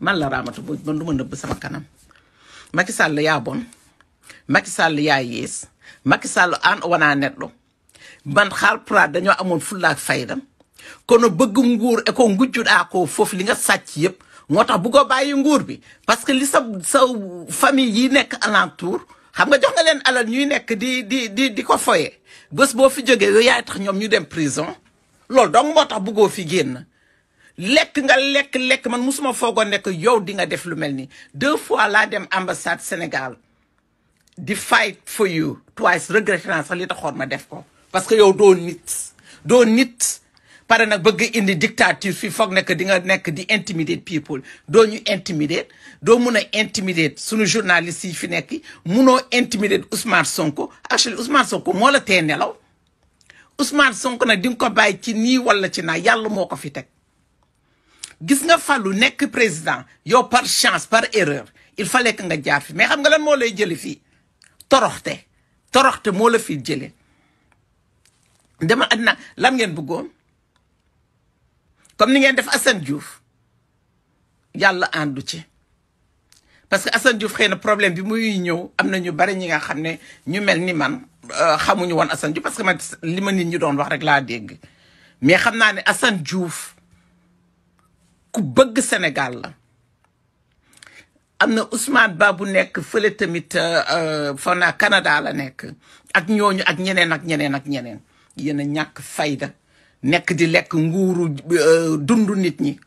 man la raamatu bu man du ma nëbb sama kanam Macky Sall yaa bon Macky Sall yaa yées Macky Sall aan wanaa netlu man xaal dañoo amoon fullaak faydam kono bëgg nguur eko ko ngujjudaa ko foofu li nga sàcc yëpp moo tax bu ko bàyyi nguur bi parce que li sa sa famille yi nekk alentour xam nga jox nga leen alal ñuy nekk di di di di ko foye bës boo fi jógee yow yaay tax ñoom ñu dem prison loolu donc moo tax buggoo fi génn lekk nga lekk lekk man musuma foogoon nekk yow di nga def lu mel ni deux fois laa dem ambassade Sénégal di fight for you twice regret naa ma def ko parce que yow doo nit doo nit pare nag bëgg indi dictature fii foog nekk di nga nekk di intimidate people doo ñu intimidate doo mun a intimidate sunu journaliste yi fi nekk munoo intimidate Ousmane Sonko actually Ousmane Sonko moo la tee nelaw Ousmane Sonko nag di ko bàyyi ci nii wala ci naa yàlla moo ko fi teg gis nga Fallou nekk président yow par chance par erreur il fa lekk nga jaar fi mais xam nga lan moo lay jëlee fii toroxte toroxte moo la fi jëlee dama at na lan ngeen bëggoon comme ni ngeen def Assane Diouf yàlla àndu ci parce que Assane Diouf xëy na problème bi muy ñëw am na ñu bari ñi nga xam ne ñu mel ni man euh, xamuñu woon Assane Diouf parce que man li ma nit ñi doon wax rek laa dégg mais xam naa ne Assane Diouf. ku bëgg Sénégal la am na Ousmane Ba bu nekk fële tamit euh, euh, fa naa Canada la nekk ak ñooñu ak ñeneen ak ñeneen ak ñeneen yéen ñàkk fayda nekk di lekk nguuru euh, dundu nit ñi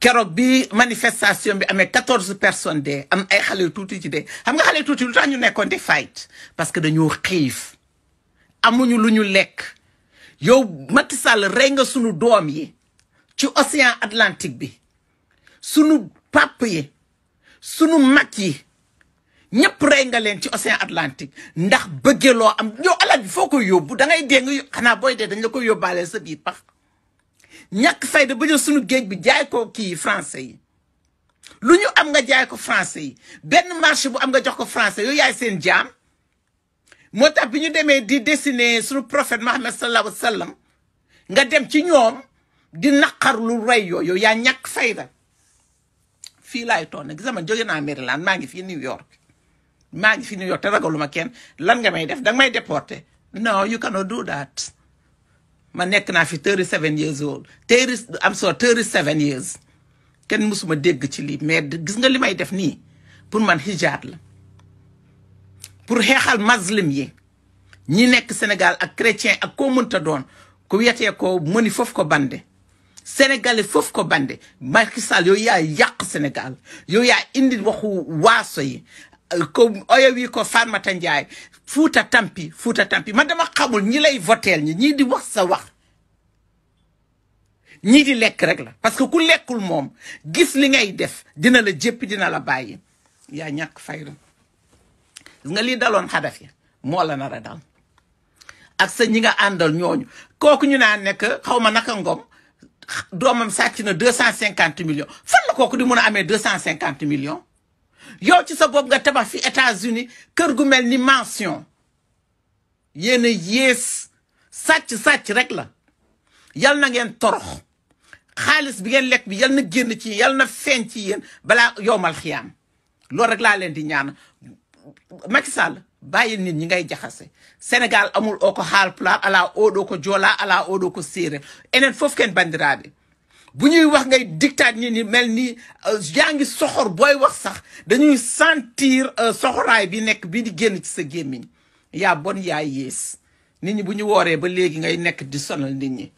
keroog bi manifestation bi amee quatorze personnes de am ay xale tuuti ci de xam ga xale tuuti lu tax ñu nekkoon di fight parce que dañoo xiif amuñu lu ñu lekk yow Macky Sall rey nga sunu doom yi ci océan Atlantique bi sunu pàpp yi sunu mag yi ñëpp rey nga leen ci océan Atlantique ndax bëggee loo am yow alal bi foo koy yóbbu da ngay dee nga xanaa booy dee dañ la koy yóbbaale sa biir pax ñàkk fayda ba jël sunu géej bi jaay ko kii français yi lu ñu am nga jaay ko français yi benn marché bu am nga jox ko français yooyu yaay seen jaam moo tax bi ñu demee di dessiner sunu prophète Mohammed sallallahu alayhi wa sallam nga dem ci ñoom. di na naqar lu rey yo yaa ñàkk fayda fii laay toog nag gis man jóge naa Maryland maa ngi fi New York maa ngi fi New York te ragaluma kenn lan nga may def danga may déporté no you cannot do that ma nekk naa fi thirty seven years old thirty am seven years kenn musuma dégg ci lii mais gis nga li may def nii pour man hijab la pour xeexal muslim yi ñi nekk senegal ak chrétien ak koo mënta doon ku yetee ko mëni foofu ko bande sénégalais foofu ko bande Macky Sall yow yaa yàq Sénégal yow yaa indi waxu waaso yi ko oyo wi ko Farmata Ndiaye fuuta tampi fuuta tampi man dama xamul ñi lay votel ñi ñii di wax sa wax ñii di lekk rek la parce que ku lekkul moom gis li ngay def dina la jéppi dina la bàyyi yaa ñàkk fayda nga lii daloon xadaf yi moo la nar a dal ak sa ñi nga àndal ñooñu kooku ñu naan nekk xaw ma naka ngom doomam sàcc na deux cent cinquante million fan la kooku di mën amee deux cent cinquante millions yow ci sa bopp nga tabax fi États-Unis kër gu mel ni mansion yéen a yées sàcc sàcc rek la yal na ngeen torox xaalis bi ngeen lekk bi yal na génn ci yal na feeñ ci yéen balaa yowmal xiyaam loolu rek laa leen di ñaan Macky Sall bàyyi nit ñi ngay jaxase sénégal amul oko haalpulaar ala oɗo ko joola ala oɗo ko séeréer enen fof ken bandiraɓe bu ñuy wax ngay diktaat nit ñi mel ni euh, yaa sokhor soxor booy wax sax dañuy sentir euh, soxoraay bi nekk bi di génn ci sa gémmiñ yaa bon yaa yées nit ñi bu ñu wooree ba léegi ngay nekk di sonal nit ñi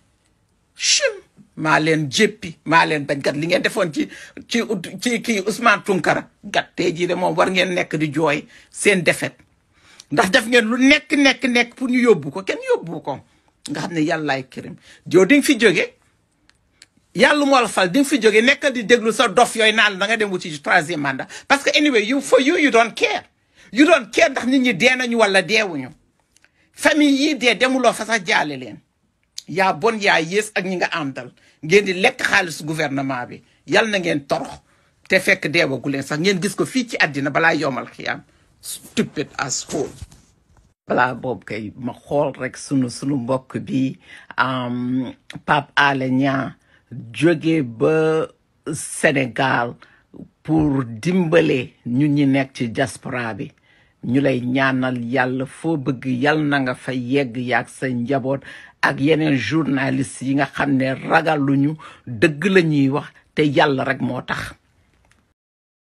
chim maa leen jéppi maa leen bañ gat li ngeen defoon ci ci ci kii Ousmane Tunkara gat tey jii de moom war ngeen nekk di jooy seen defet ndax def ngeen lu nekk nekk nekk pour ñu yóbbu ko kenn yóbbu ko nga xam ne yàllaay kërim yow di nga fi jóge yàlla moo la fal di fi jóge nekkal di déglu sa dof yooyu naan da nga dem wuti ci troisième manda parce que anyway you for you you don't care you don't care ndax nit ñi dee nañu wala deewuñu famille yi dee demuloo fa sax jaale leen yaa bon yaa yées ak ñi nga àndal ngeen di lekk xaalis gouvernement bi yal na ngeen torox te fekk deewagu leen sax ngeen gis ko fii ci àddina balaa yomal xiyaam stupid as full balaa boobu kay ma xool rek sunu sunu mbokk bi Pape ale Niang jóge ba Sénégal pour dimbale ñun ñi nekk ci diaspora bi ñu lay ñaanal yàlla foo bëgg yàlla na nga fa yegg yaag sa njaboot ak yeneen journalist yi nga xam ne ragaluñu dëgg la ñuy wax te yàlla rek moo tax